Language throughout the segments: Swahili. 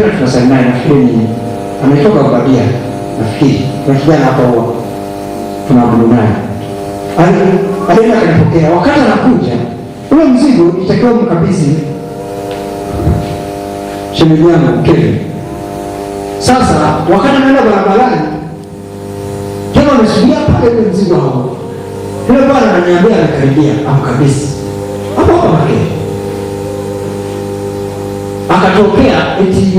tena tunasali naye, nafikiri ni ametoka Ubabia, nafikiri kuna kijana hapo tunaabudu naye, alienda akanipokea. Wakati anakuja ule mzigo itakiwa mkabidhi shemeji yangu Kevin. Sasa wakati anaenda barabarani tena, amesudia pale ule mzigo hao, ule bwana ananiambia amekaribia, amkabidhi hapo hapo Makeni akatokea eti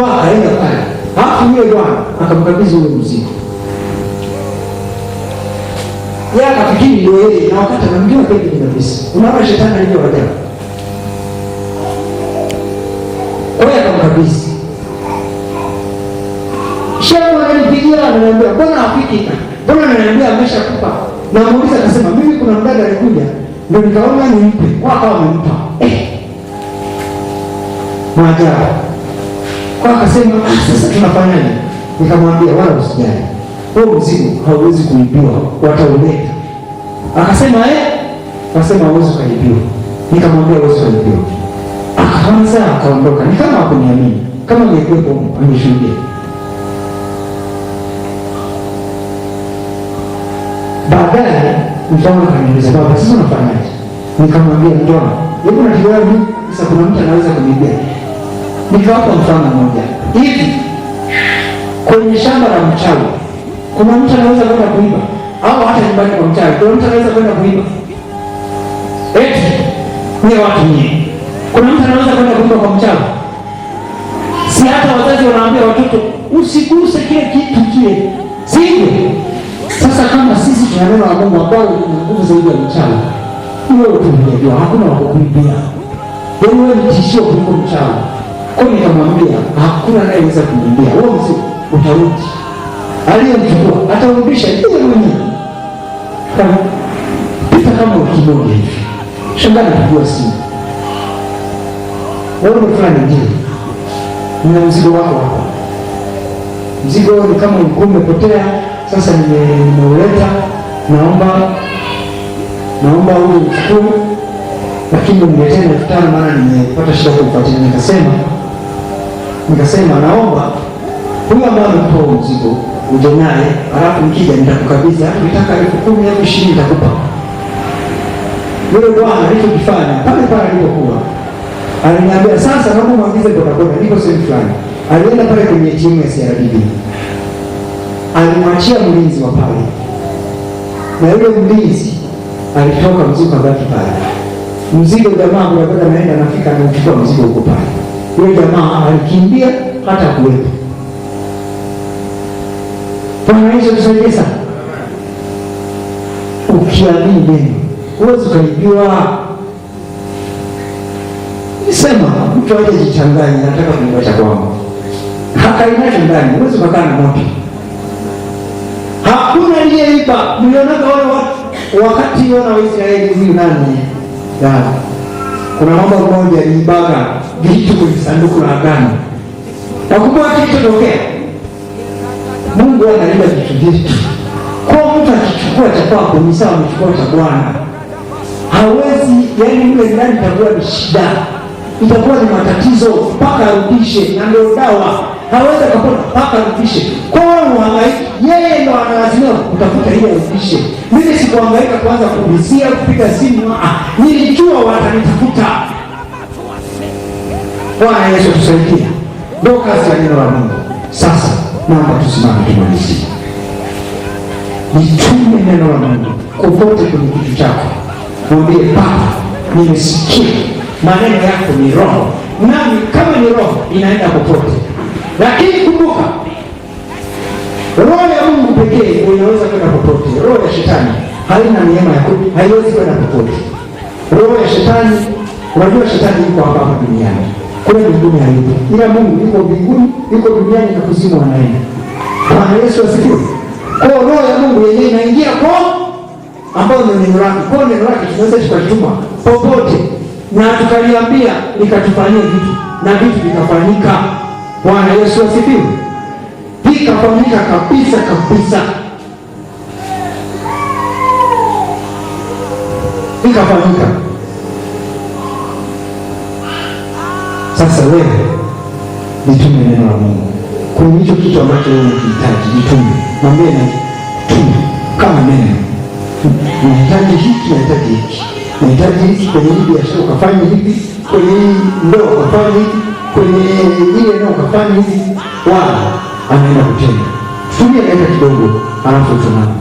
kwa akaenda pale, halafu yule bwana akamkabidhi ule mzigo, yeye akafikiri ndio yeye, na wakati anamjua ni kabisa. Unaona shetani alivyo ajabu. Kwa hiyo akamkabidhi Shehu ananipigia ananiambia, mbona hafiki? Mbona ananiambia ameshakupa? Na akasema, mimi kuna mdada alikuja ndio nikaona nimpe. Wakawa wamempa. Eh. Maajabu. Kwa akasema ah, sasa tunafanyaje? Nikamwambia wala usijali, wewe mzigo hauwezi kuibiwa, watauleta. Akasema eh, akasema hauwezi kuibiwa. Nikamwambia hauwezi kuibiwa. Akaanza akaondoka, ni kama hakuniamini, kama angekuwepo angeshuhudia. Baadaye mtwana akaniuliza, baba, sasa unafanyaje? Nikamwambia ndoa hebu natigawa Sasa kuna mtu anaweza kuniibia Nitawapa mfano mmoja hivi. Kwenye shamba la mchawi, kuna mtu anaweza kwenda kuiba, au hata nyumbani kwa mchawi, kuna mtu anaweza kwenda kuiba. Eti ni watu nyie, kuna mtu anaweza kwenda kuiba kwa mchawi? Si hata wazazi wanaambia watoto usiguse kile kitu kile, sivyo? Sasa kama sisi tuna neno la Mungu ambao lina nguvu zaidi ya mchawi, wewe tunajua hakuna wakukuibia, wewe ni tishio kuliko mchawi. Kwa kamwambia hakuna anayeweza kumwambia wewe, mzee utarudi. Aliyemchukua atarudisha yeye mwenyewe, pita kama wiki moja hivi, shangani kujua simu, wewe fulani, je, nina mzigo wako hapo Mzigo ni kama ulikuwa umepotea, sasa nimeuleta, naomba naomba huyu mchukue, lakini mletee elfu tano maana nimepata shida kumfuatilia. Nikasema nikasema naomba huyu ambaye amekupa mzigo uje naye, alafu nikija nitakukabidhi, nitaka elfu kumi au ishirini nitakupa. Yule bwana alichokifanya pale pale alipokuwa aliniambia, sasa naomba mwagize bodaboda, niko sehemu fulani. Alienda pale kwenye timu ya CRDB, alimwachia mlinzi wa pale, na yule mlinzi alitoka mzigo kabaki pale, mzigo jamaa bodaboda naenda nafika, anauchukua mzigo huko pale yule jamaa alikimbia hata kuwepo. Bwana Yesu tusaidie sana. Ukiamini neno huwezi ukaibiwa. Nisema mtu aje jichanganye, nataka kunywa cha kwangu, hakainacho ndani, huwezi ukakaa na moto. Hakuna aliyeiba. Mlionaga wale watu wakati wana Waisraeli huyu nani? Yaani, kuna mambo moja aliibaga vitu kwenye sanduku la agano. Nakumbuka kilichotokea, Mungu analiba vitu vyetu. Kwa mtu akichukua cha kwako ni sawa amechukua cha Bwana, hawezi yani ule ndani itakuwa ni shida, itakuwa ni matatizo mpaka arudishe, na ndio dawa. Hawezi akapona mpaka arudishe. Kwa hiyo uhangaiki, yeye ndo anaazimia kutafuta ile arudishe. Mimi sikuhangaika kwanza kuulizia, kupiga simu, ah, nilijua watanitafuta Bwana Yesu tusaidia, ndio kazi ya neno la Mungu. Sasa naomba tusimame tumalizie, nitume neno la Mungu kuvote kwenye kitu chako, mwambie Baba, nimesikia maneno yako ni roho, nami kama ni roho inaenda popote, lakini kumbuka, roho ya Mungu pekee inaweza kwenda popote. Roho ya shetani haina neema ya kudi, haiwezi kwenda popote. Roho ya shetani, unajua shetani yuko hapa duniani kule mbinguni haipo, ila Mungu yuko mbinguni, yuko duniani na kuzimu anaenda. Bwana Yesu asifiwe. Kwa hiyo roho ya Mungu yenyewe inaingia kwa ambayo ni neno lake, kwa neno lake tunaweza tukalituma popote na tukaliambia likatufanyia vitu na vitu vikafanyika. Bwana Yesu asifiwe, vikafanyika kabisa kabisa, vikafanyika Sasa wewe nitume neno la Mungu kwenye hicho kitu ambacho wewe unahitaji, nitume, mwambie na tume kama neno, nahitaji hiki, nahitaji hiki, nahitaji hiki kwenye hii biashara ukafanya hivi, kwenye hii ndoa ukafanya hivi, kwenye ile nao ukafanya hivi. Wala anaenda kutenda, tumia neno kidogo, alafu tunao